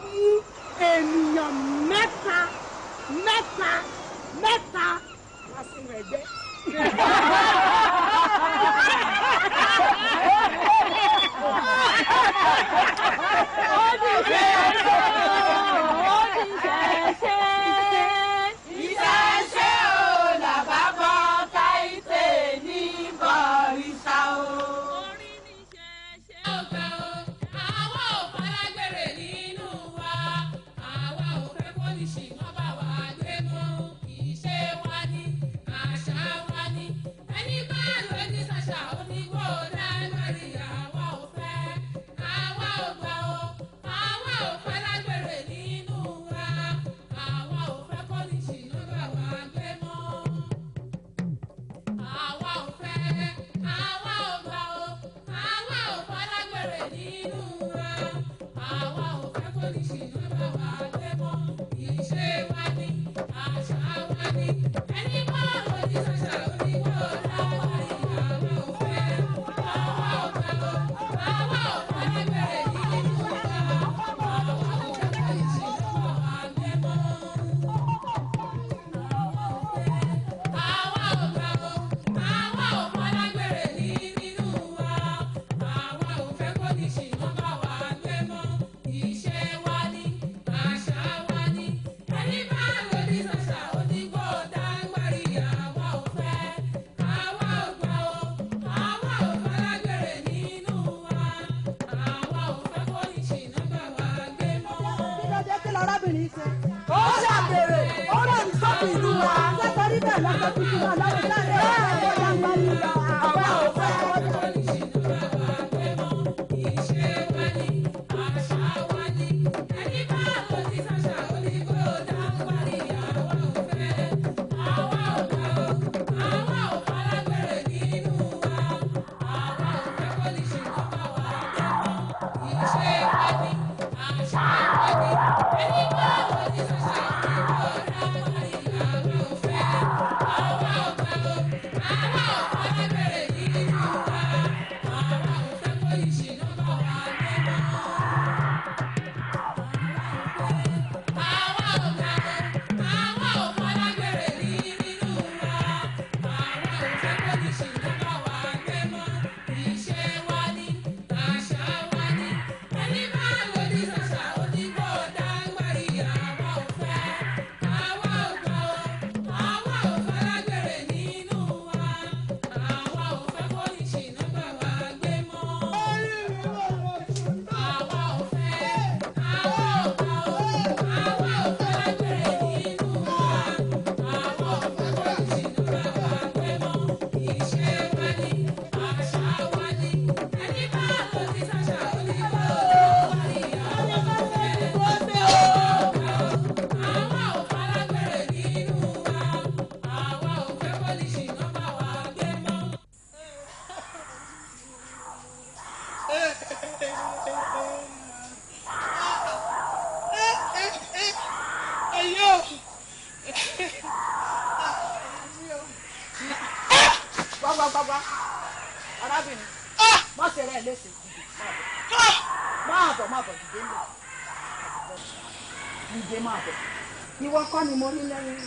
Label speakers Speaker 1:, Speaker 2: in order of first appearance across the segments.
Speaker 1: wú ènìyàn mẹ́ta mẹ́ta mẹ́ta lásìkò rẹ̀ jẹ́.
Speaker 2: ó ti ṣe é ṣe ó ti ṣe é ṣe.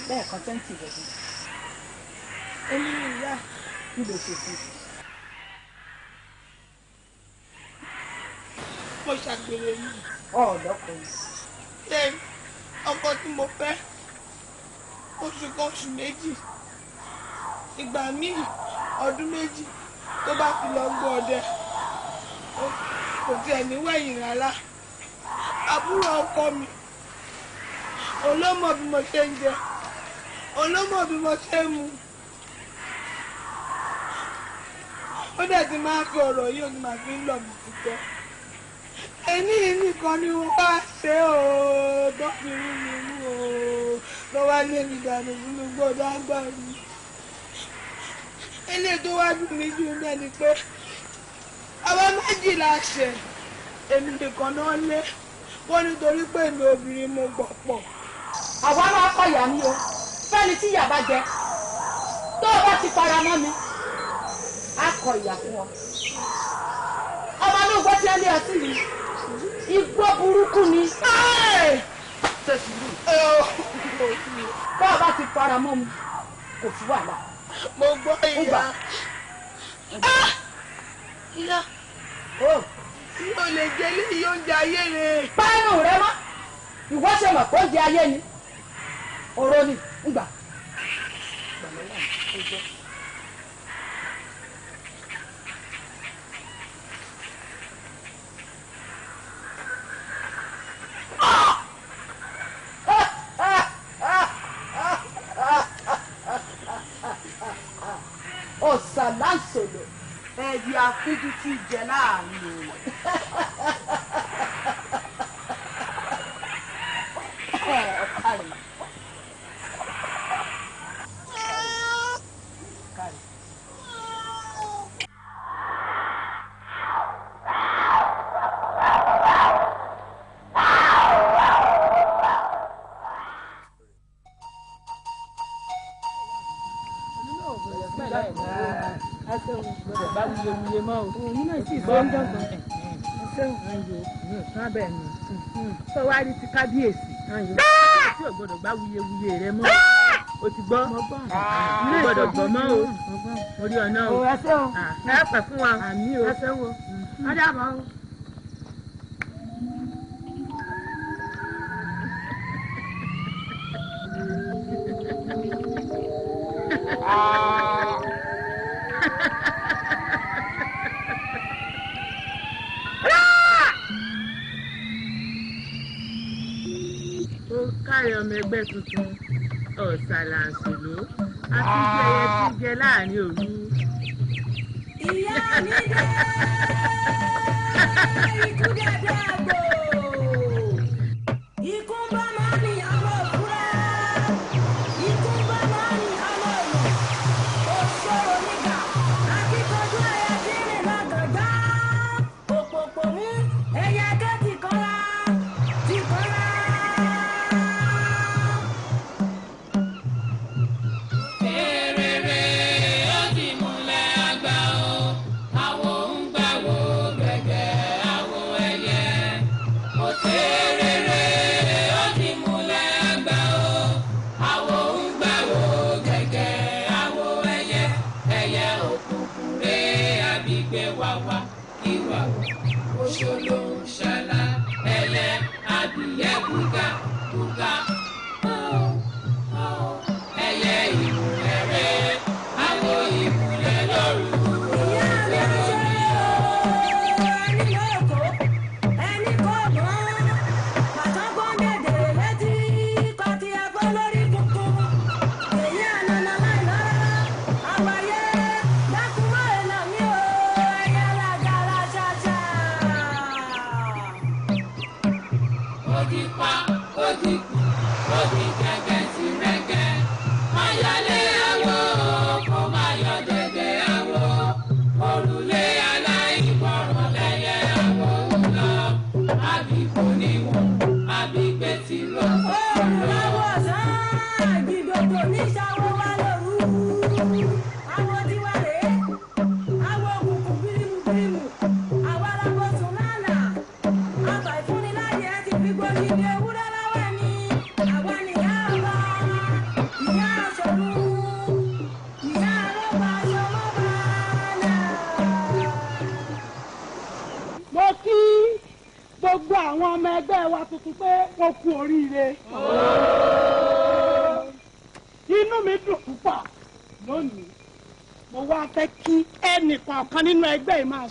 Speaker 1: bẹ́ẹ̀ kan tẹ́ǹtì rẹ̀ bí èmi ni ìyá mi lè ṣe fún un. mo ṣàgbèrè mi. ọ̀ọ́dọ́kọ̀ yìí. ṣé ọkọ tí mo fẹ́ oṣù kan oṣù méjì ìgbà míì ọdún méjì tó bá fi lọ gbọ́ ọdẹ kò tiẹ̀ níwẹ̀yìn rárá àbúrò ọkọ mi olómọ bí mo ṣe ń jẹ olómọ bí mo ṣe mu ó dẹ̀ ti máa fi ọ̀rọ̀ yìí ó ti máa fi ń lọ̀ mí ti gbọ́ ẹni nìkan ni wọ́n wá ṣe o tó fi rú mi mú o ló wá lé mi dànù fún mi gbọ́dọ̀ agbára mi eléyìí tó wá dùn mí jù náà ni pé àwa méjìlá ṣe èmi nìkan náà lé wọ́n nítorí pé èmi obìnrin mo gbọ̀ pọ̀ àwa máa kọ̀yà mi o fẹ́ni tí ìyà bá jẹ tó o bá ti fara mọ́ mi á kọ ìyà fún ọ. ọmọ náà gbọ́ tí ẹ lé ọtí mi igbó burúkú ni. tó o bá ti fara mọ́ mi kò sí wàhálà. mo gbọ́ ìyá. ìyá mi ò lè jẹ ilé ìyóúnjẹ ayé rẹ. páànù rẹ mọ́ ìwọ mọ̀ kó jẹ ayé ni ọ̀rọ̀ ni ń gbà. ọ̀sà lásòlò ẹ̀yà afínjú ti jẹ láàrin òun. kábíyèsí bẹ́ẹ̀ o gbọ́dọ̀ gbá wuyewuye rẹ mọ́ o ti gbọ́ mo gbọ́dọ̀ ah, ah. gbọ́ mọ́ o
Speaker 2: mo rí ọ̀nà o ẹ ah. pẹ̀ fún wa ẹ sẹ́wọ̀ ọ̀dà bọ̀ o. Mm-hmm.
Speaker 1: ẹgbẹ́ tuntun ọ̀sàlà àṣòló
Speaker 2: àti jẹyẹ tí
Speaker 1: jẹ láàrin òru. ìyá mi
Speaker 2: dé ìtúdàdàgbò.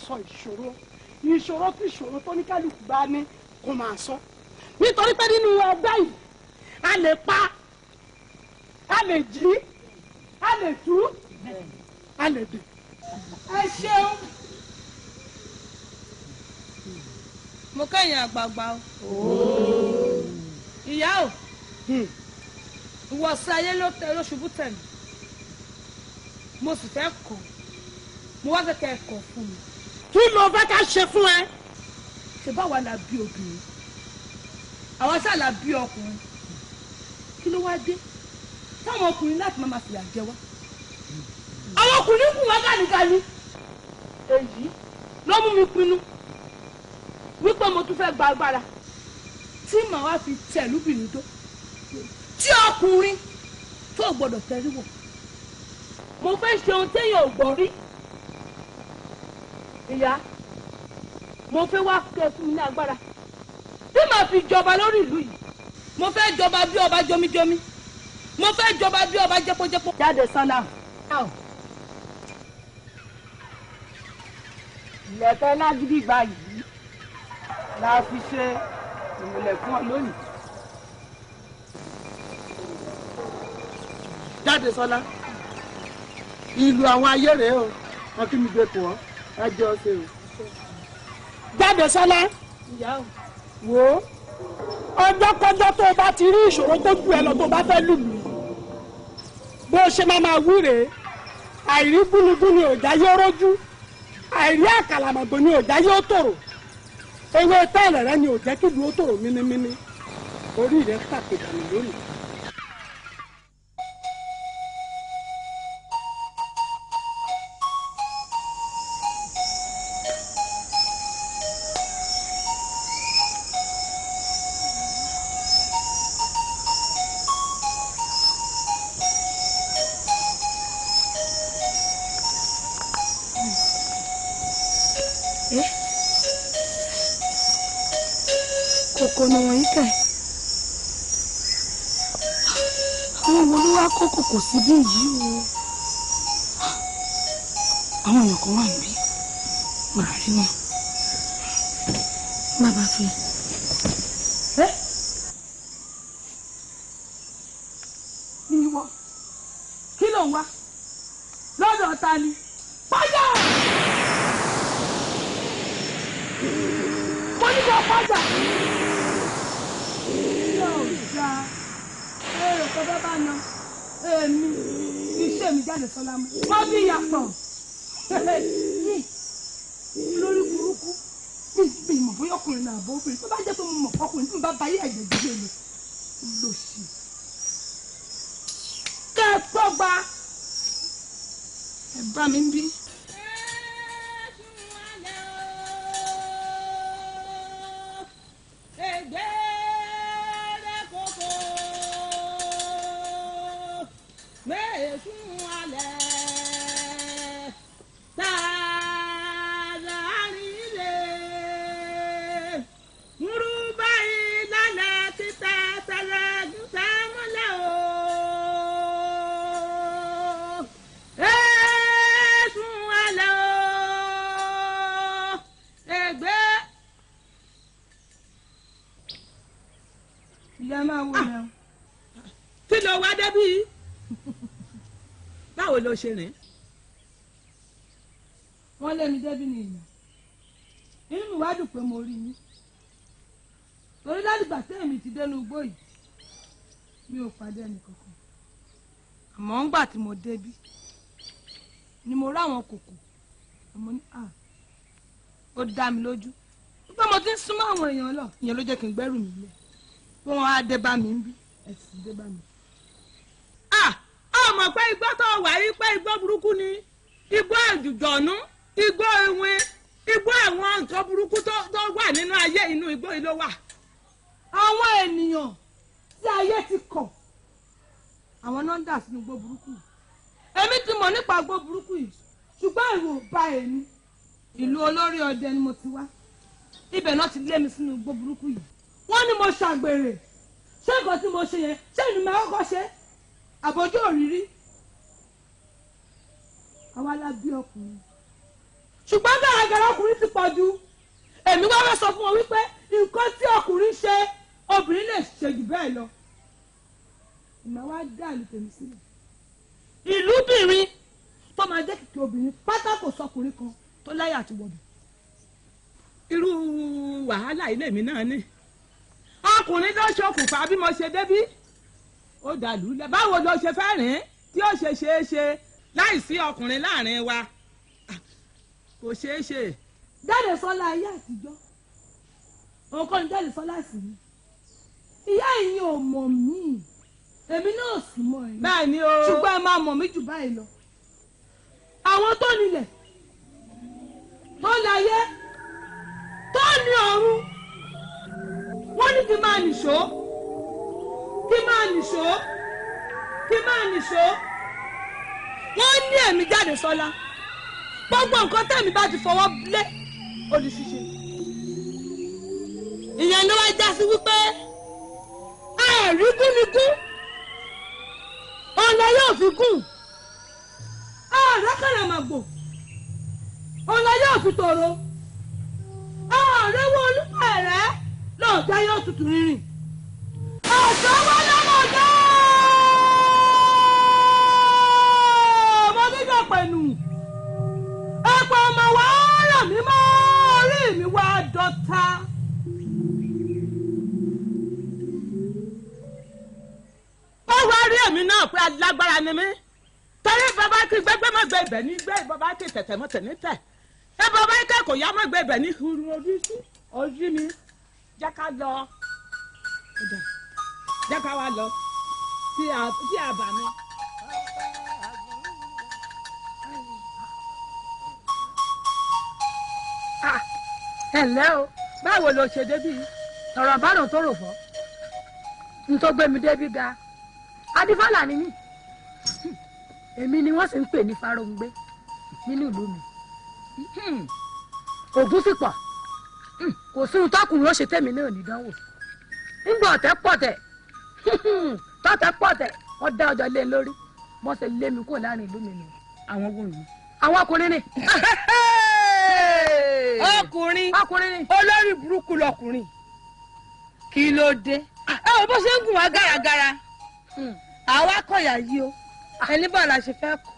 Speaker 1: sọ ìṣòro ìṣòro kí ìṣòro tó ní kálukú bá ní kó máa sọ nítorí pé nínú ẹgbẹ́ yìí a lè pa a lè jí a lè tú a lè dè. ẹ ṣeun mo kẹ́yìn àgbààgbà o ìyá o hmm. ìwọ̀sẹ̀ ayé ló tẹ lóṣubú tẹ̀mí mo sì fẹ́ kọ̀ mo wá fẹ́ kẹ́ ẹ kọ̀ fún mi kí ló fẹ́ ká ṣe fún ẹ. ṣe báwa la bí obìnrin àwa ṣáà la bí ọkùnrin kí ló wáá dé táwọn ọkùnrin láti máa ma fìyà jẹ wá. àwọn ọkùnrin kù wá gànígàní èyí ló mú mi pinnu wípé mo tún fẹ́ gba agbára tí màá wá fi tẹ̀lúbìnrin dó tí ọkùnrin tó gbọ́dọ̀ tẹríwọ̀ mo fẹ́ ṣe ohun téèyàn ò gbọ́ rí ìyá mo fẹ́ wá kẹ́ fún mi ní agbára tí màá fi jọba lórí ìlú yìí mo fẹ́ jọba bí ọba jomijomi mo fẹ́ jọba bí ọba jẹpọjẹpọ. jáde sanna ilẹ̀kẹ́ lágídígba yìí la fi ṣe ìmùlẹ̀ fún ọ lónìí. jáde sọlá ìlú àwọn ayé rèé o wọn kí mi gbé kù ọ ẹjọ́ ṣe o. jáde sọlá wò ó ọjọ́kọjọ́ tó o bá ti rí ìṣòro tó ju ẹ lọ tó o bá fẹ́ lù mí bó o ṣe máa máa wú rèé àìrí gúnugún ni òjá yóò rójú àìrí àkàlàmọ̀gbọ̀n ni òjá yóò tòrò ewé tẹ́lẹ̀ rẹ ni òjẹ́ kíbi ó tòrò mímímí orí rẹ pàtẹ́dà nìyónì. kò sí bí yìí o àwọn èèyàn kan wà níbí màá rí wọn bàbá fi. kí ló ń wá lọ́dọ̀ ta ni. tèmi jáde sọlá mọ wọn bí ìyàpọ lórí burúkú bí mo bóyá ọkùnrin náà bó obìnrin tó bá jẹ́ pé mo mọ̀ ọkùnrin tí mo bá ba ayé ẹ̀jẹ̀ gbígbé lọ lò sí. kẹ́ ẹ gbọ́ gba ẹ̀ bá mi ń bí. ṣe rìn. wọ́n lé mi débi ní ìyá inú mi wá dùn pé mo rí yín torí lálùgbà tẹ́ẹ̀mí ti dénú igbó yìí mi ò pàdé ẹnìkankan àmọ́ ńgbà tí mo débi ni mo ráwọn kòkò àmọ́ ní à ó dá mi lójú pé mo ti ń súnmọ́ àwọn èèyàn lọ ìyẹn ló jẹ́ kí n gbẹ́rù mi lẹ̀ pé wọ́n á dé bá mi ń bí ẹ̀sìn dé bá mi mọ̀ pé igbó tó wà yí pé igbó burúkú ni igbó àjùjọ̀nú igbó ewin igbó àwọn nǹkan burúkú tó wà nínú ayé inú igbó yìí ló wà. àwọn ènìyàn tí ayé ti kọ̀ àwọn náà ń dà sínú igbó burúkú èmi ti mọ̀ nípa igbó burúkú yìí ṣùgbọ́n ìwò ba èmi ìlú olórí ọdẹ ni mo ti wá ibẹ̀ náà ti lé mi sínú igbó burúkú yìí wọ́n ní mo ṣàgbèrè ṣé nǹkan tí mo ṣe yẹn ṣé ìlú mi àkọ́kọ́ ṣe é àbójú òrírí àwa la bí ọkùnrin ṣùgbọ́n gàràgàrà ọkùnrin ti pọ̀ jù èmi wá wá sọ fún wọn wípé nǹkan tí ọkùnrin ṣe obìnrin lè ṣe jù bẹ́ẹ̀ lọ ìmọ̀ wá dá ìlú tèmi sílẹ̀ ìlú bìnrin tó máa jẹ́ kìkì obìnrin pátákó sọkùnrin kan tó láyà àti wọ̀dù. irú wàhálà ilé mi náà ni ọkùnrin ló ṣokùnfà bí mo ṣe débí ó dàlú lẹ báwo ló ṣe fẹ́ rìn tí ó ṣe ṣeé ṣe láì sí ọkùnrin láàrin wa kò ṣeé ṣe. dáre sọlá ayé àtijọ́ òun kọ́ ni dáre sọlá sí mi ìyá ìyẹn ò mọ̀ mí èmi náà sì mọ̀ ẹ́. bẹ́ẹ̀ ni o. ṣùgbọ́n ẹ máa mọ̀ mí jù báyìí lọ àwọn tó nílẹ̀ tó láyé tó ní ọ̀run wọ́n ní kí n máa nìṣó kí máa nìṣó kí máa nìṣó wọ́n ní ẹ̀mí jáde sọ́lá gbogbo nǹkan tẹ̀mí bá ti fọwọ́ lé olùṣiṣẹ́ ìyẹn ló wá já sí wípé àìrí gúnigún ọ̀nà yóò fi gùn àárẹ̀ kàràmàgbò ọ̀nà yóò fi tòrò àárẹ̀ wọlé pẹ̀rẹ́ lọ́ọ̀dá yóò tutù rírìn alágbára ni mí torí bàbá kí gbẹgbẹ má gbé ibẹ̀ ní gbé bàbá kí tẹ̀tẹ̀ mọ́ tẹ̀ní tẹ̀ ẹ bàbá kí kò yá má gbé ibẹ̀ ní hurun ojú sí ojú mi jẹ́ ká lọ. jẹ́ ká wá lọ sí àbàmì. ẹ̀lẹ́ o báwo lo ṣe débí ọ̀rọ̀ bárùn tó rò fọ́ n tó gbé mi ga adífálà ni mí èmi ni wọ́n sì ń pè ní farongbé nínú ìlú mi hmm. ògún sì pọ̀ hmm. kò sí ohun tọkùnrin ó ṣe tọ́tẹ̀ pọ̀tẹ̀ wọ́n dá ọjọ́ lé lórí wọ́n ṣe lé mi kúrò láàrin ìlú mi nù àwọn wò nù. àwọn ọkùnrin ni. ọkùnrin ọkùnrin olórí burúkú lọkùnrin kí ló dé ẹ wò bó ṣe ń gùn wá gàràgàrà hmm. àwa kọ̀yà yìí o ah. ẹni bá la ṣe fẹ́ kọ́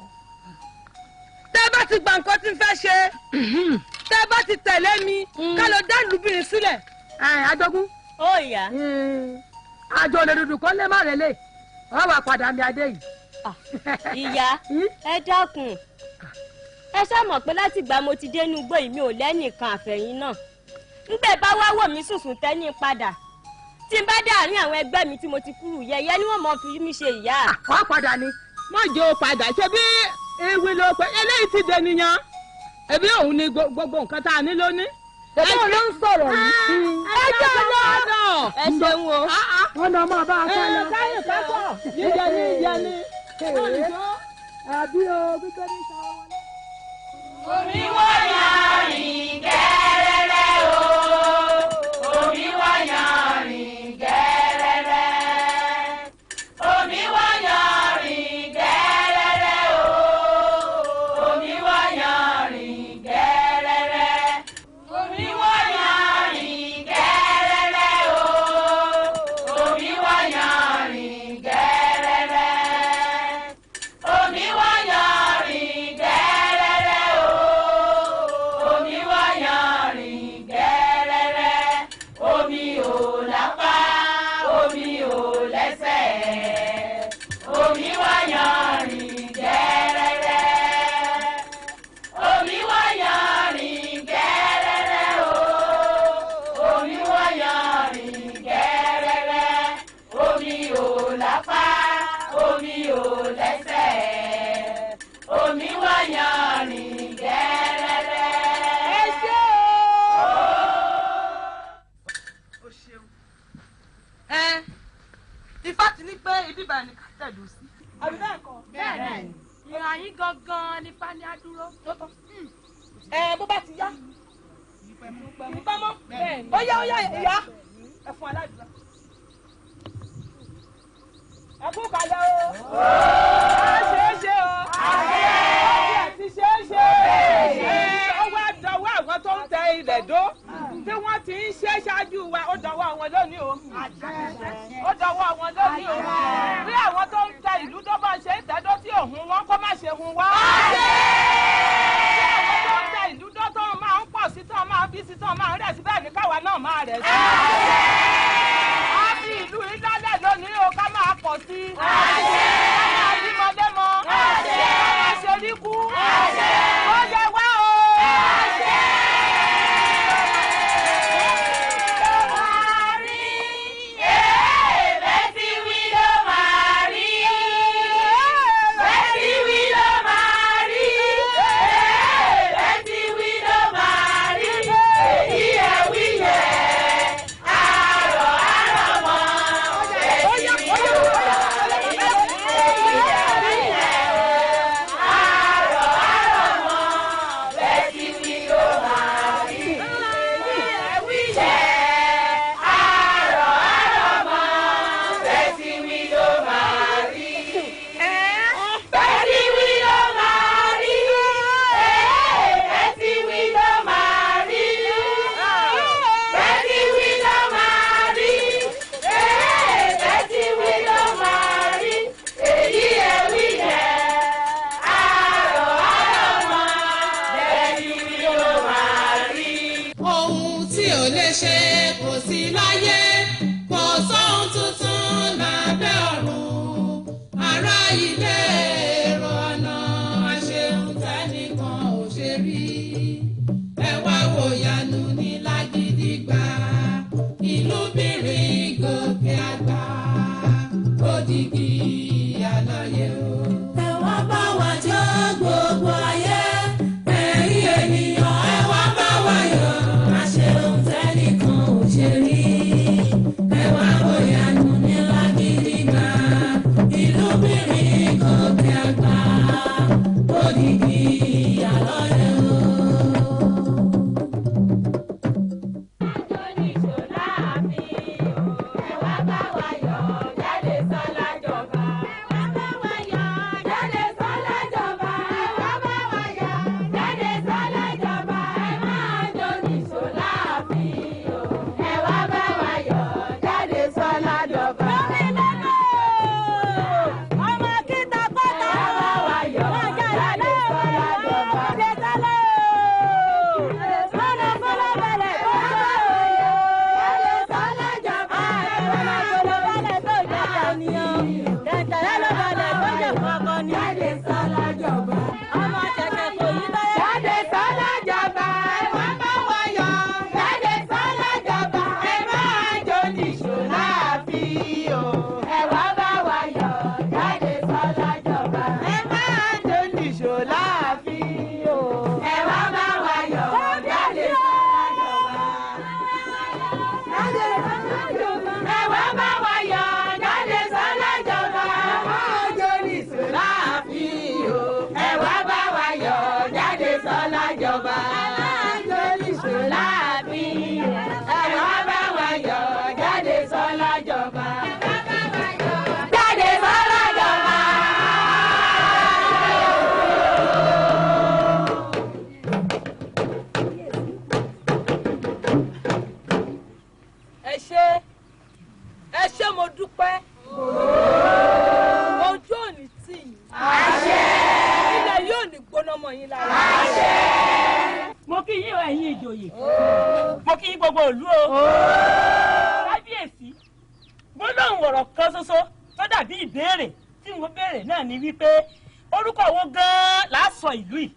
Speaker 1: tẹ́ bá ti gba nǹkan tí ń fẹ́ ṣe hmm. tẹ́ bá ti tẹ̀lé mi hmm. ká lọ dá lùbìrín sílẹ̀. àjọgún. Eh, ó yá àjọ lè Dudu kọ́ lé má rẹ̀
Speaker 3: lé ọ wà padà mi adé yìí. Ah, ìyá hmm? ẹ dákun ẹ ṣàmọ̀ pé láti ìgbà mo ti dé inú igbó yìí mi ò lẹ́nìkan àfẹ̀yìn náà ńgbẹ́ bá wá wò mí sùsùn tẹ́yìn padà tí n bá dé àárín àwọn ẹgbẹ́ mi tí mo ti kúrú yẹ̀yẹ́ ni wọ́n mọ̀ fi mí ṣe ìyá. àkọ́ ah, padà ni mọ̀ jẹ́ o padà ṣe bí ewì ló pé
Speaker 1: eléyìí ti dẹniyàn ẹbí òun ni gbogbo nǹkan tá a ní lónìí tẹ̀sán ló ń sọ̀rọ̀ yìí. Ah, ah, ah, ẹjọ́ náà ẹ ṣeun o. wọ́n náà máa bá a ká lọ. káyọ̀ eh, kápọ̀ yíyẹ ní yíyẹ ní. àbí o gbígbé ní sọ
Speaker 2: omi wọ́n yà rìn kẹ́rẹ́.
Speaker 1: ọyá ọyá ìyá ẹ̀fọn aládùúgbò ẹ̀kú kalẹ̀ o. a ṣe é ṣe o. ọbẹ̀ ti ṣe é ṣe. ó wá dọwọ́ àwọn tó ń tẹ ilẹ̀ dó tí wọ́n ti ń ṣe ṣáájú wa ó dọwọ́ àwọn lónìí o. ó dọwọ́ àwọn lónìí o. ó dàbí ìbéèrè tí mo béèrè náà ni wípé orúkọ wo gan-an la sọ ìlú yìí.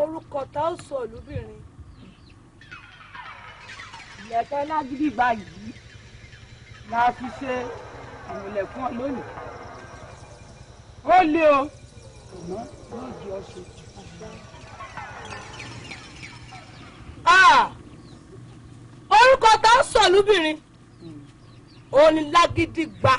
Speaker 1: orúkọ tá ó sọ lóbìnrin ìlẹ̀kẹ̀ lágídígba yìí la fi ṣe ìrìnlẹ̀ fún ọ lónìí ó le o àmọ́ ní ìdí ọ̀sẹ̀ àgbà. orúkọ tó ń sọ lóbìnrin òun ni lágídí gba.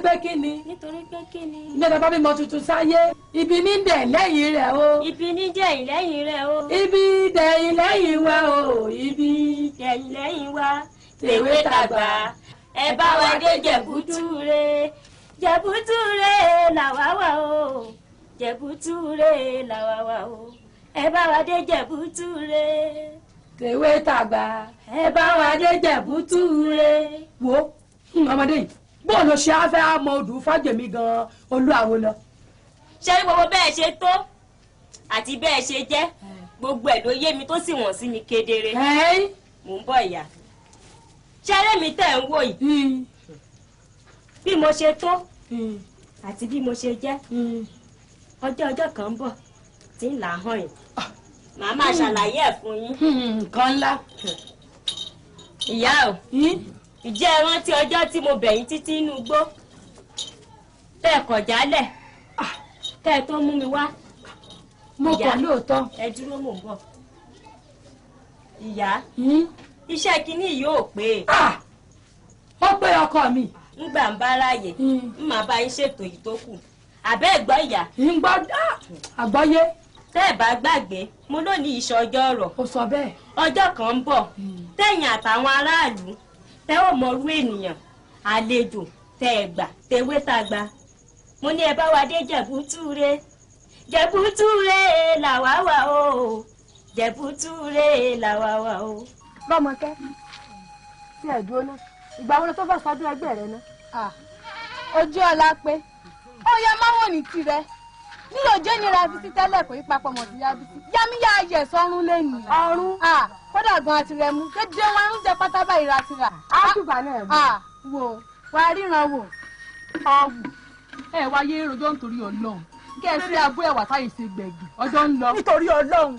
Speaker 1: nítorí pé kí ni.
Speaker 3: nítorí pé kí ni. ní ọ̀dọ̀
Speaker 1: bábí mọ tuntun sáyé. ibi ní dẹ̀ lẹ́yìn rẹ̀ o.
Speaker 3: ibi ní dẹ̀ lẹ́yìn rẹ̀ o. ibi dẹ̀ lẹ́yìn wa o. ibi dẹ̀ lẹ́yìn wa.
Speaker 2: tèwe tàgbà ẹ bá wa dé
Speaker 3: jẹ̀bútúre jẹ̀bútúre làwa wà o jẹ̀bútúre làwa wà o ẹ bá wa dé jẹ̀bútúre tèwe tàgbà ẹ bá wa dé
Speaker 1: jẹ̀bútúre wo ọmọdé yìí bóun ló ṣe afẹ́ àmọ́ odù fàjèmí gan-an
Speaker 3: olúàwo lọ. ṣé gbogbo bẹ́ẹ̀ ṣe tó àti bẹ́ẹ̀ ṣe jẹ́ gbogbo ẹ̀ ló yé mi tó sì wọ̀n sí mi kedere mò ń bọ̀ ìyá ṣé ẹlẹ́mi tẹ̀ ń wò yìí hmm. bí mo ṣe tó hmm. àti bí mo ṣe jẹ́ hmm. ọjọ́ ọjọ́ kan ń bọ̀ tí ń là hàn yìí ah. màá máa ṣàlàyé ẹ̀ fún yín. nǹkan ńlá. ìyá o ìjẹ́ ẹ rántí ọjọ́ tí mo bẹ̀yìn títí inú igbó tẹ́ ẹ̀ kọ̀ jálẹ̀ ah, tẹ́ ẹ tó mú mi wá.
Speaker 1: mo kọ̀ lóòótọ́.
Speaker 3: ẹ dúró mò ń bọ̀. ìyá hmm? iṣẹ́ kínní yóò pé. Ah, ó pé ọkọ mi. ngbà ń bá ráàyè ń hmm. máa bá yín ṣètò yìí tó kù àbẹ́ ẹ̀gbọ́ ìyá. ń gbọ́ ah, àgbọ́yé. tẹ́ ẹ̀ bá gbàgbé mo lónìí ìṣọjọ́ ọ̀rọ̀. ó sọ bẹ́ẹ̀. ọjọ́ kan ń bọ̀ hmm. tẹ̀yìn àtàwọn aráàlú tẹ́ ò mọrú ènìyàn àlejò tẹ́ ẹ gbà tẹwé tá a gbà mo ní ẹ bá wa dé jẹ̀bútúre jẹ̀bútúre làwa wà o jẹ̀bútúre làwa wà o. lọ́mọkẹ́ tí ẹ̀ dúró náà ìgbà wo ló tó fẹ́ sọdún ẹgbẹ́ rẹ náà. Ah,
Speaker 1: ojú ọlá pé ó yẹ máwòní tirẹ̀ ní òjò nira fi sí tẹ́lẹ̀ kò yí papọ̀ mọ̀ sí yábísí yámíyá ayẹ̀ sọ́run lẹ́nu. ọ̀run kódà gan àti rẹ mú dédé wọn ń jẹ pátá báyìí ra ti rà. á tùbà náà mú. wò wá ríran wò. ọ̀wù ẹ wáyé rojọ́ nítorí ọlọ́run kẹ́ ẹ sí abú ẹ̀wà táyé ṣe gbẹ̀gì ọjọ́ ń lọ. nítorí ọlọ́run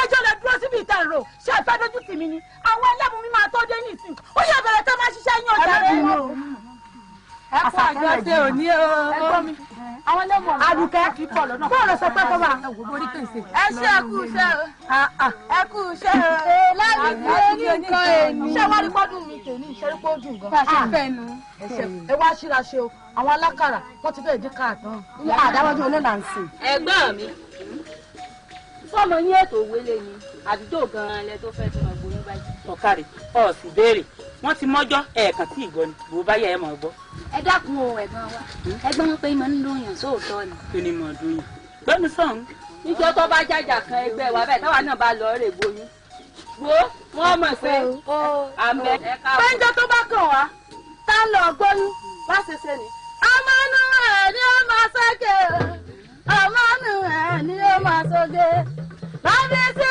Speaker 1: ẹjọ́ lè dúró síbi ìta ìró ṣé ẹ fẹ́ dojú tì mí ni àwọn ẹlẹ́mu mi máa tọ́ dé nìsín ó yẹ bẹ̀rẹ̀ tẹ́ máa ṣiṣẹ́ yín ọ̀dà rẹ̀ ẹ kó àjọ ṣe òní o. àwọn lẹ́mọ̀ ọ̀rọ̀ Àdùkẹ́ bọ́ọ̀lù sọ pé kọ́ba. ẹ ṣe ah, ah. ẹ kú iṣẹ́ o. ẹ kú iṣẹ́ o. láti fi orí nǹkan èmi. ṣé wàá rí pọ́dùn mi tèmi ìṣẹ́ríkó dùn
Speaker 2: gan. bá a ṣe ah. fẹ́ nu.
Speaker 1: ẹ wá ṣíra ṣe o àwọn alákàrà wọ́n ti fẹ́ẹ́ dín káàtó. ní àdáwọ́jú olè là ń sè.
Speaker 2: ẹ̀gbọ́n mi
Speaker 3: sọmọ yín ètò òwe lè ní àdúgbò gan-an lẹ tó fẹ́ tó máa gbóyún báyìí. ọ̀kàrẹ̀
Speaker 1: ọ̀sùn béèrè wọ́n ti mọ́jọ́ ẹ̀ẹ̀kan tí ìgbọ́ ni bó bá yẹ ẹ mọ̀ gbọ́.
Speaker 3: ẹ dákun o ẹ̀gbọ́n wa hmm? ẹ̀gbọ́n pé mo ń lóyún sóòótọ́ ni.
Speaker 1: kí ni mo lóyún. gbẹ́nu sọ̀hún.
Speaker 3: níjọ́ tó bá jàjà kan ẹgbẹ́ wa bẹ́ẹ̀ táwa náà bá lọ rè boyún. wo wọ́n mọ̀ pé
Speaker 1: àmẹ́ ẹ̀ka wọ̀. péńjọ tó bá kàn wá tá ń lọ gbóyún bá ṣe ṣe ni. ọmọ inú ẹ̀ ni ó máa ṣẹ́gẹ̀ ọmọ inú ẹ̀ ni ó máa ṣoge bá mi sí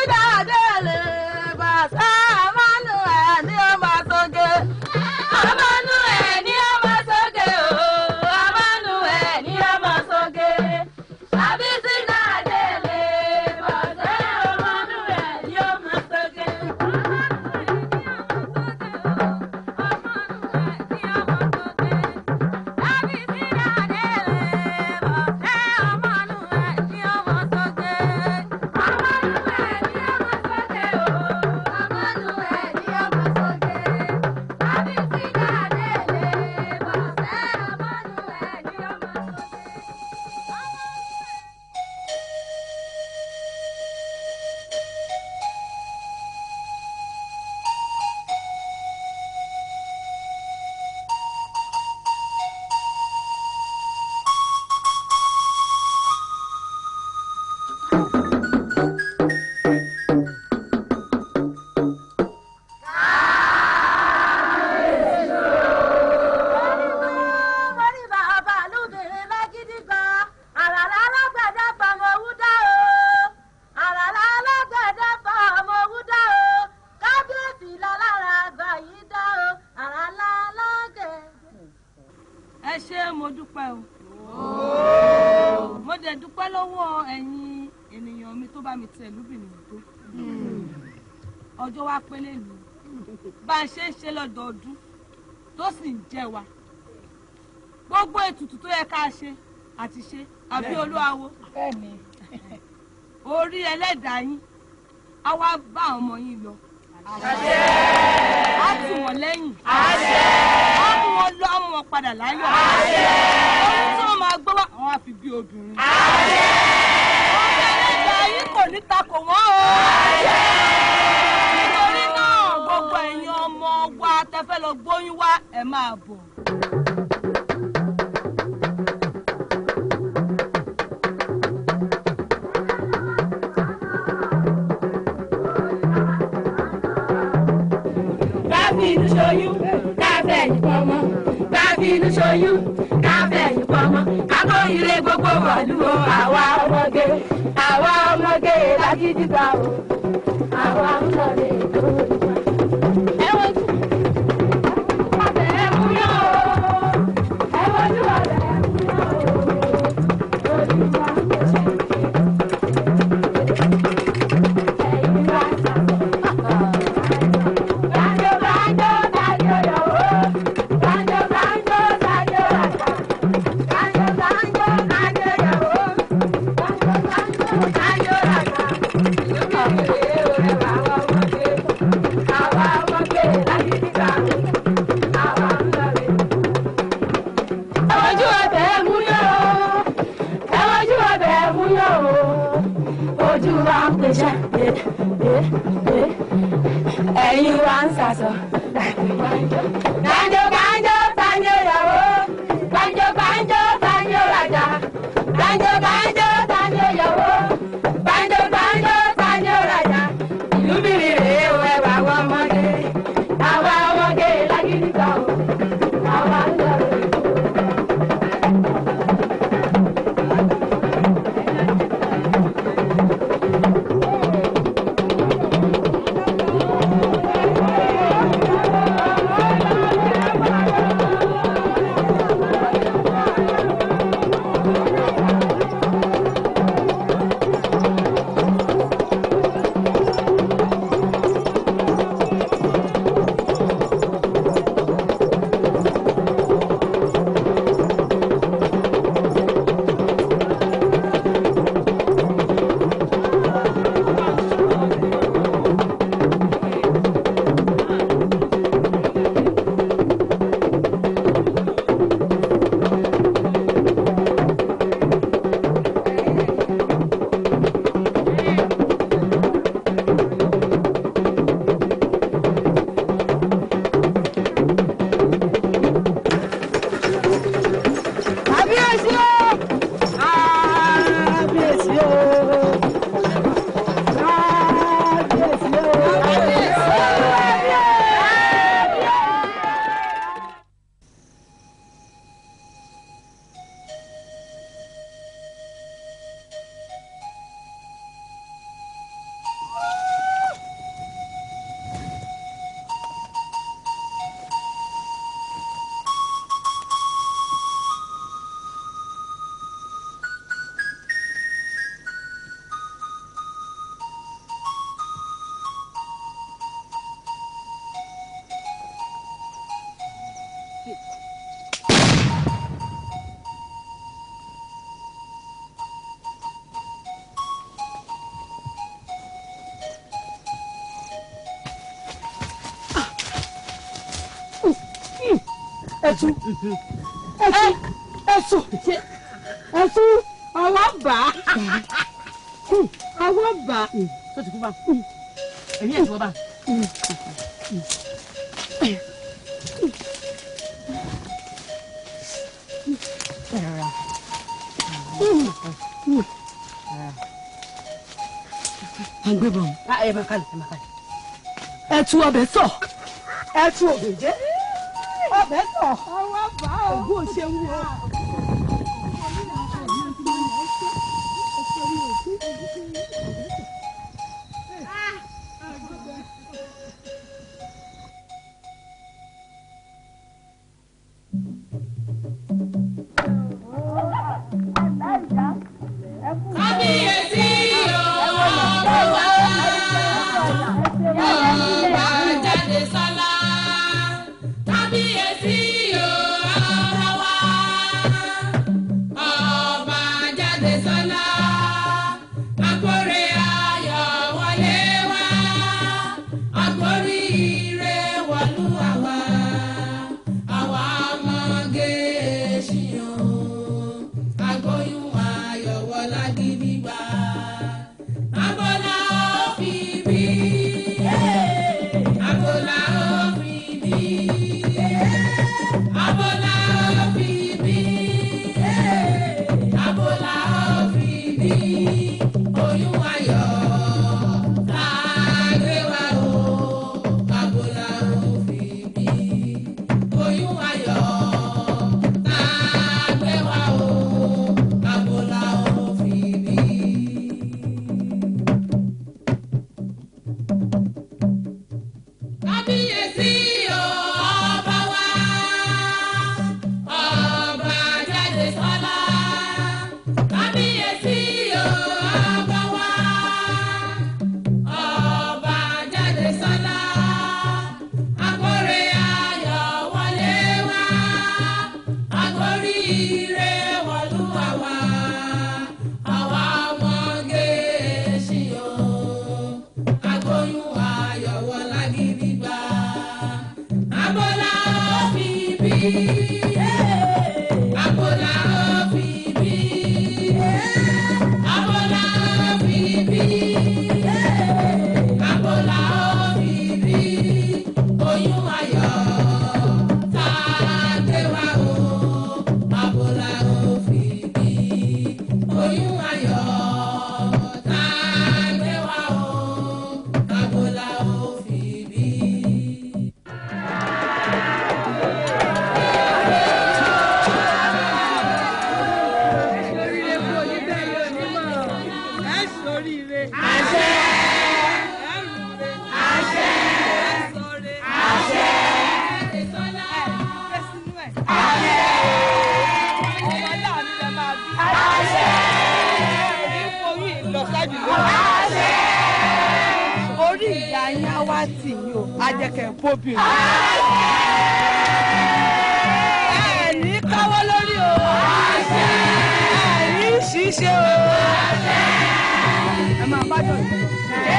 Speaker 1: ṣe ń ṣe lọ́dọọdún tó sì ń jẹ wa gbogbo ètùtù tó yẹ ká ṣe àti ṣe àbí olúwawo orí ẹlẹ́dàá yín á wá bá ọmọ yín lọ. àṣẹ. á tì wọ́n lẹ́yìn. àṣẹ. á mú wọn lọ á mú wọn padà láyọ̀. ohun tí wọ́n máa gbọ́ wá àwọn àfi obìnrin. ọmọ ẹlẹ́dàá yín kò ní takò wọ́n o. tẹ fẹ́ lọ gbóyún wá ẹ máa bọ̀.
Speaker 2: inú ṣoyún káfẹ́ yìí pọ̀ mọ́ bá fi inú ṣoyún
Speaker 1: káfẹ́ yìí pọ̀ mọ́ kákó ire gbogbo wọ̀lú o àwa ọmọge àwa ọmọge lágídí gbà o àwa ọmọge lórí wa.
Speaker 2: ẹ̀sùn ẹ̀sùn
Speaker 1: ẹ̀sùn ẹ̀sùn ọwọ́ bá ọwọ́ bá tó ti kú bá èmi ẹ̀ ti wọ́ bá. Agbébọn. Ẹ tú ọbẹ̀ sọ. Ẹ tú ọbẹ̀ jẹ́. 啊，跑，我先我。
Speaker 2: máa bá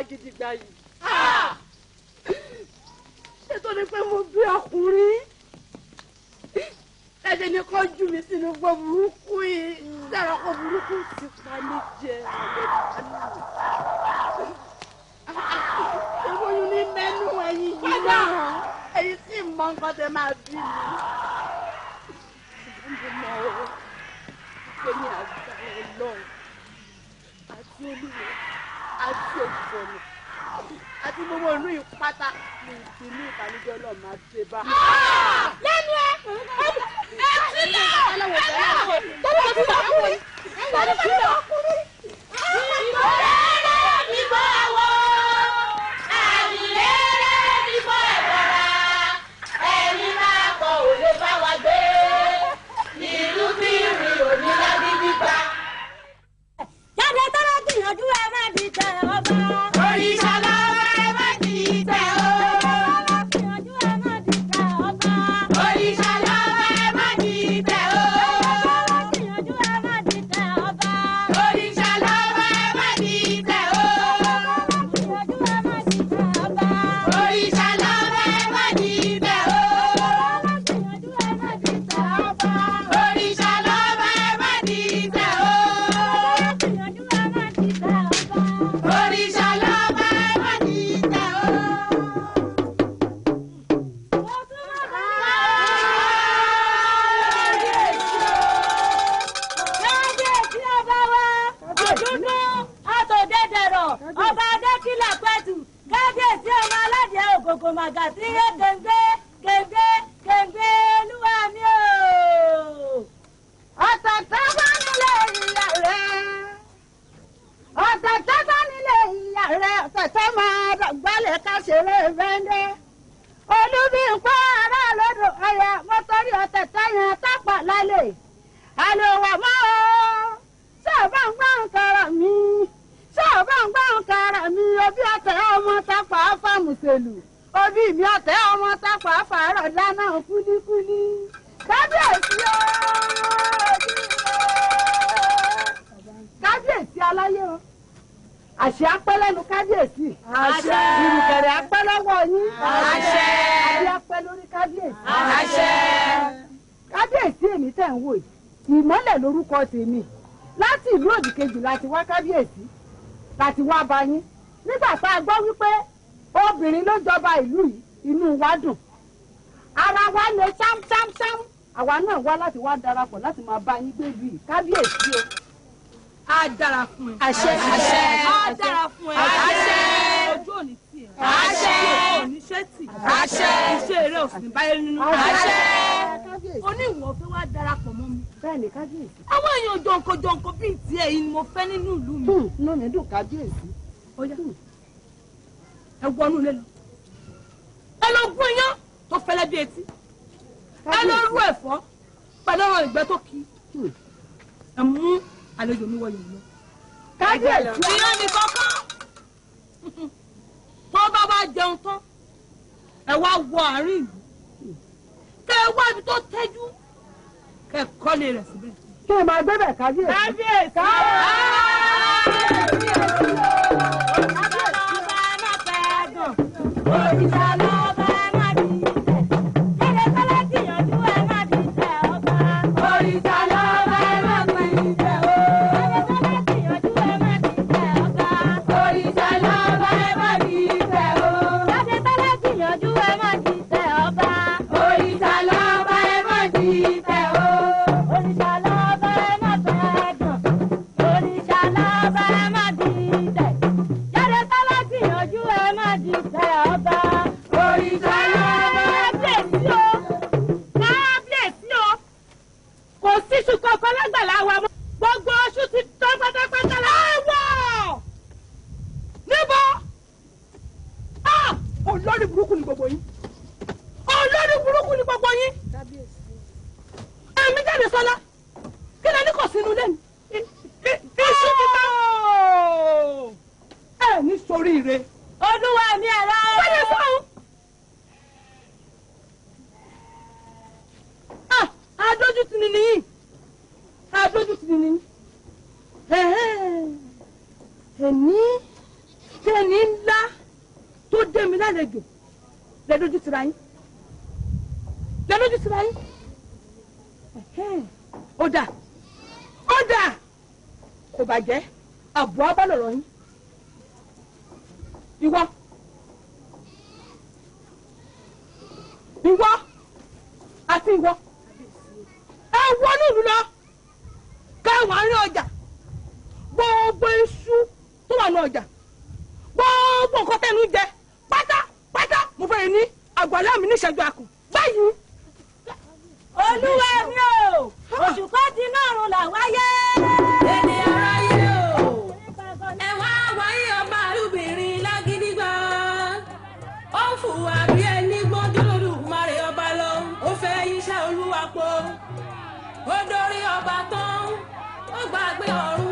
Speaker 1: oportunidade de dar láti wá kábíyèsí láti wá bá yín nígbà tá a gbọ́ wípé obìnrin ló jọba ìlú yìí inú wa dùn ara wa lè ṣámṣámṣám àwa náà wá láti wá darapọ̀ láti máa bá yín gbé kábíyèsí o a dára fún ẹ. àṣẹ àṣẹ a dára fún ẹ. àṣẹ ojú òní tì ẹ. àṣẹ òní ṣe tì. àṣẹ iṣẹ́ eré òsì báyé nínú. àṣẹ kábíyèsí. o ní ìwọ̀n fẹ́ wá darapọ̀ mọ́ mi. bẹ́ẹ̀ni kábíyèsí. àwọn èèyàn jọǹkọ jọǹkọ bíi tiẹ̀ yìí ni mo fẹ́ nínú ìlú mi. Hmm, inú mi dùn kábíyèsí. ó yá hmm. ẹ wọnú ilé lọ ẹ lọ gún iyán tó fẹ́lẹ́ bí etí ẹ lọ rú ẹ̀fọ́ pẹ̀lú ọ̀rọ̀ ìgbẹ́ tó kí hmm. ẹ mú àlejò mi wọ yìí lọ. kábíyèsí. ìyá mi kọ́kọ́ tó bá wá jẹun tán ẹ wá wọ àárín ìlú kẹ́ ẹ wá ibi tó tẹ́jú kẹ́ ẹ kọ́lé rẹ̀ síbẹ̀. kí ẹ máa gbẹ́bẹ̀ kábíyèsí. kábíyèsí. kábíyèsí.
Speaker 2: kábíyèsí. kábíyèsí.
Speaker 1: bẹ̀ láwa mọ́ gbogbo oṣù ti tán pátápátá láwọ̀ níbo olórí burúkú ni gbogbo yín olórí burúkú ni gbogbo yín ẹ̀mí jáde sọlá kí lẹ́ni kò sínú lẹ́nu iṣu ti tán ẹ̀ ní sórí ire olúwa mi ẹ̀rọ wọ́n yẹ sọ́hún. adójútì ni nìyí dójú tì ní. ẹ̀ní tẹ̀ní ńlá tó dé mi lálejò lẹ dójú tìra yín lẹ dójú tìra yín ó dà ó dà kò bàjẹ́ àbọ̀ abálọ̀rọ̀ yín ìwọ ìwọ àti ìwọ ẹ wọnú ìlú lọ káwọn àárín ọjà gbogbo iṣu tó wà ní ọjà gbogbo nǹkan tẹnu jẹ pátá pátá mo fẹ́ ní àgbàlá mi níṣẹ́jú akùn báyìí. olúwa mi o oṣù kan ti náà rún là wáyé. ènìyàn gbàgbé ọ̀run.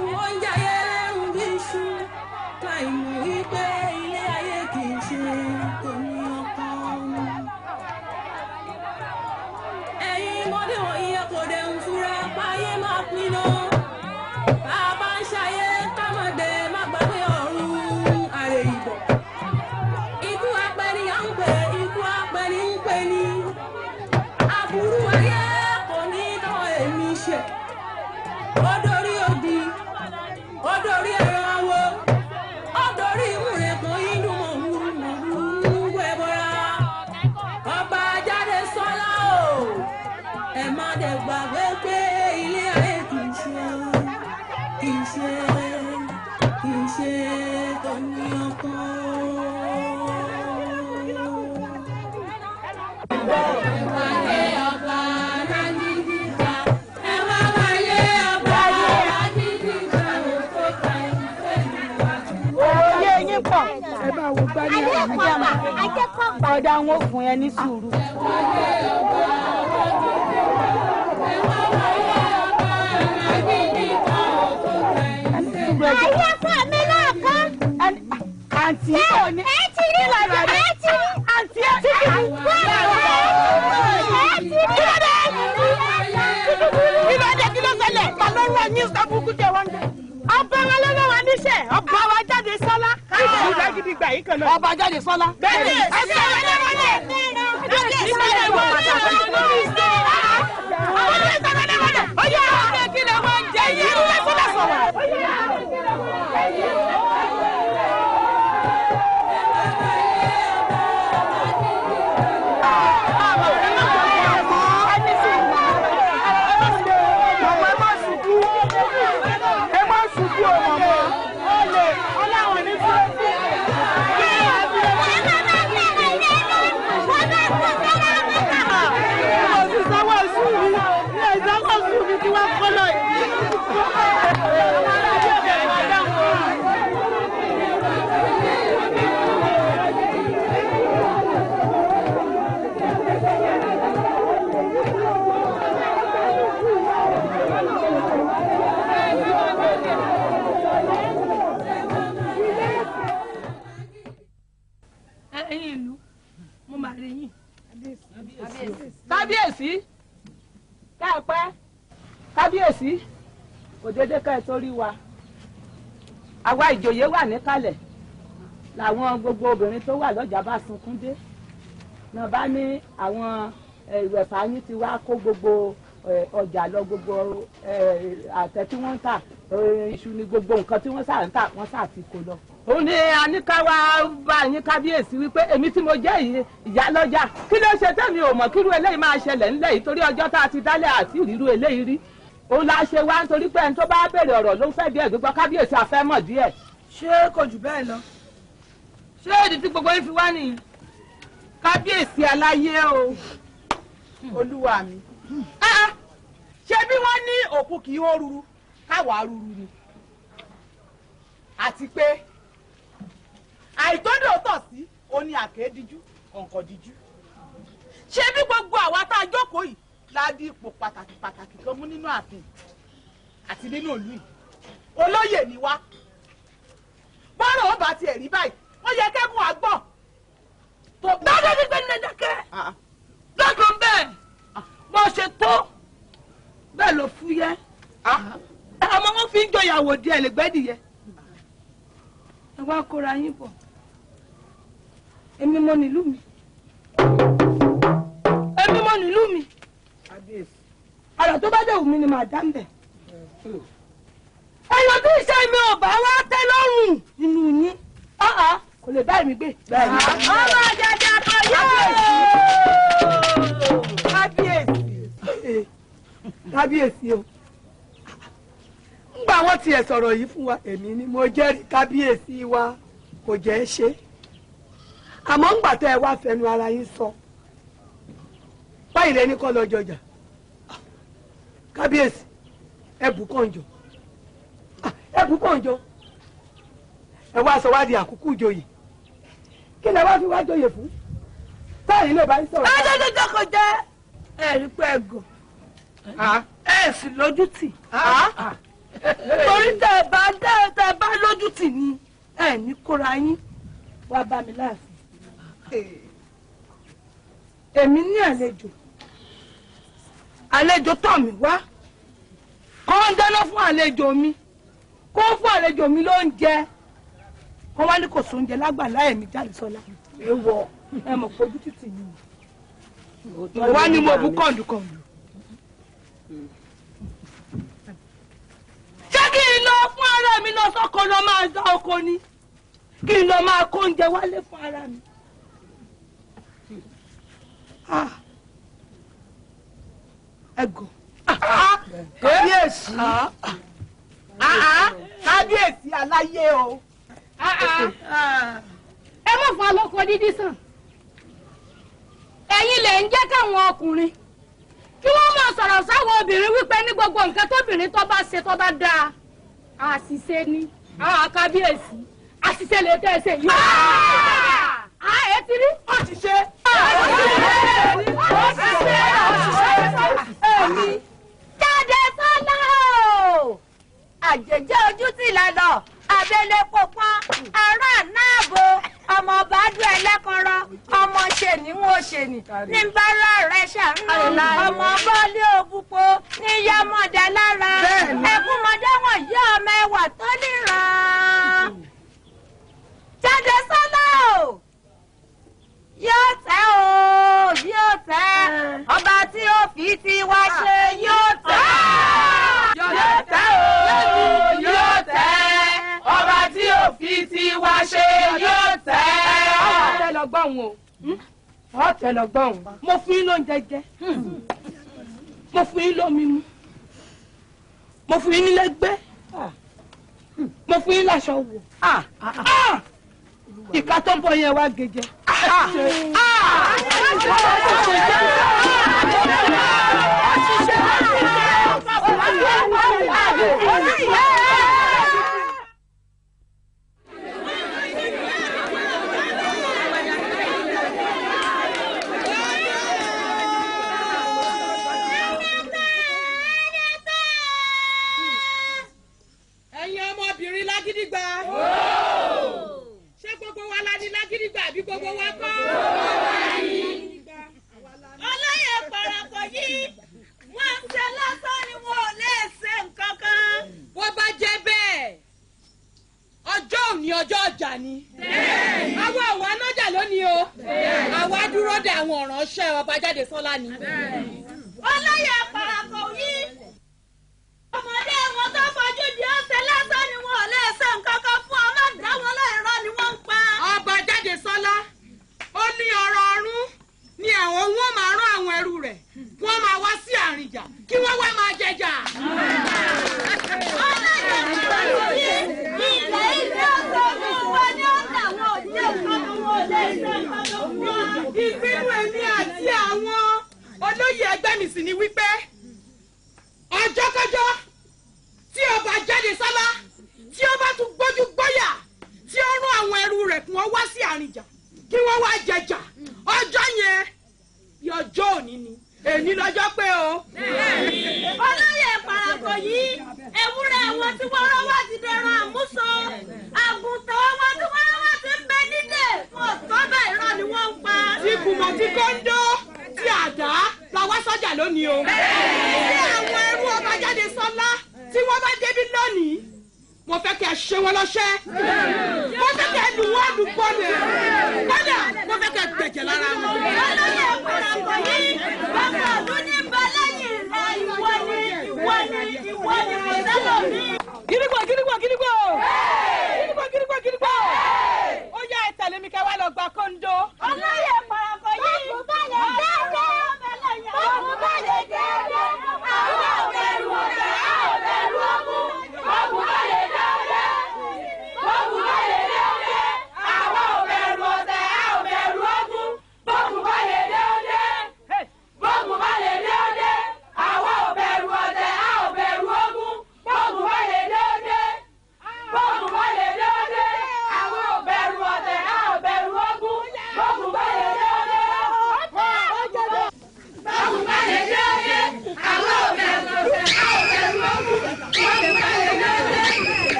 Speaker 1: ẹ torí wa àwa ìjòyè wà níkàlẹ̀ làwọn gbogbo obìnrin tó wà lọ́jà bá sunkún dé náà bá ní àwọn ìwẹ̀fà yín ti wá kó gbogbo ọjà lọ gbogbo àtẹ tí wọ́n ń tà iṣu ni gbogbo nǹkan tí wọ́n sà ń tà wọ́n sà ti kó lọ. ó ní aníkáwá bá yín kábíyèsí wípé èmi tí mo jẹ́ ìyálọ́jà kí ló ṣe tẹ́mi ò mọ̀ kírú eléyìí máa ṣẹlẹ̀ ńlẹ̀ yìí torí ọjọ́ tá a ti dálẹ̀ àti ìrírú eléyìí rí òun la ṣe wá nítorí pé ẹni tó bá béèrè ọ̀rọ̀ ló ń fẹ́ díẹ̀ gbígbọ́ kábíyèsí àfẹ́mọ̀ díẹ̀. ṣé kò jù bẹ́ẹ̀ lọ ṣé èdè tí gbogbo yín fi wá nìyí kábíyèsí aláyé o olúwa mi. Ah, ah. ṣé bí wọ́n ní òkú kì í hó ruru káwa ruru ni àti pé àìtọ́dọ̀ tọ̀ sí oní àkédíjú ọ̀ǹkọ̀díjú ṣé bí gbogbo àwa tá a jókòó yìí ládì ipò pàtàkì pàtàkì kan mú nínú ààfin àti nínú ìlú yìí olóyè ni wá bọ́ọ̀rọ̀ ó bá tiẹ̀ rí báyìí wọ́n yẹ kẹ́kùn àgbọ̀ tó bá dé ní pé nínú dákẹ́ ah, ah. lọ́kàn bẹ́ẹ̀ ah, bó ṣe tó bẹ́ẹ̀ ló fúyẹ́ ọmọ wọn fi ń jọyàwó díẹ̀ lè gbẹ́dìyẹ ẹ wá kóra yín bọ̀ èmi mọ nílùú mi èmi mọ nílùú mi ọ̀rọ̀ tó bá dẹ̀wù mi ni màá dá mbẹ̀. ẹnu tí iṣẹ́ mi ò bá wá tẹ́ lọ́rùn nínú yín kò lè báyìí mi gbé. ọmọ àjàjà kan yóò. kábíyèsí kábíyèsí o nígbà wọn tiẹ̀ sọ̀rọ̀ yìí fún wa èmi ni mo jẹ́rìí kábíyèsí wa kò jẹ́ ẹ ṣe àmọ́ ńgbà tẹ́ ẹ wá fẹnu ara yín sọ báyìí lẹ́ni kọ́ lọ jọjà kábíyèsí ẹbù kànjọ ah, ẹbù kànjọ ẹ wá sọ wá di àkókò ìjòyè kí ni ẹ wá fi wá jòyè fún táyì lè bá yín sọ̀rọ̀. ẹ jẹ́ jẹ́ kò jẹ́ ẹ̀rí pẹ́ ẹ̀gọ́ ẹ sì lójú tì torí tẹ ẹ bá tẹ ẹ bá lójú tì ni ẹ ní kóra yín wá bá mi láàfin èmi ní àlejò àlejò tọ̀ mí wá kó ń dáná fún àlejò mi kó ń fún àlejò mi lóúnjẹ kó wá ní kò sóúnjẹ lágbàlá ẹ̀mí jáde sọ́lá ewọ ẹ mọ̀ fojú títì yìí wá ní mo bú kọ̀ǹdùkọ̀ǹdù. ṣé kí n lọ fún ara mi lọ sọ́kọ lọ máa dá oko ni kí n lọ máa kó oúnjẹ wálé fún ara mi. Ah ẹgàn kábíyèsí kábíyèsí aláyé o. ẹ má fún alọ́kọ dídí sàn ẹ̀yin lè ń jẹ́ káwọn ọkùnrin kí wọ́n máa sọ̀rọ̀ sáwọn obìnrin wípé ní gbogbo nǹkan tóbìnrin tó bá ṣe tó bá dáa àṣìṣe ni ah, kábíyèsí àṣìṣe lè tẹ́ ẹ ṣe yìí. a ah! ah, ẹ lọ́gbọ́n òun mo fún yín lóúnjẹ jẹ mo fún yín lómi mu mo fún yín nílé gbé mo fún yín láṣọ wò ah, ah, ah. ìka tó ń bọ̀ yẹn wá gẹ́gẹ́.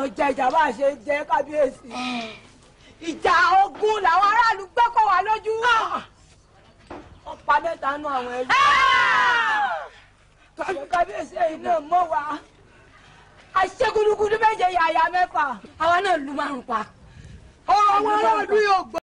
Speaker 1: gbọ́dọ̀ jẹ ìjà bá ṣe jẹ kábíyèsí ìjà ogun làwọn aráàlú gbẹ́kọ̀ wá lójú wọ́n mẹ́ta nù àwọn ẹ̀yọ́ ah! kábíyèsí ẹ̀yìn náà mọ̀ wá aṣẹ́gudugudu méje yàyà mẹ́fà àwa náà lu márùn pa.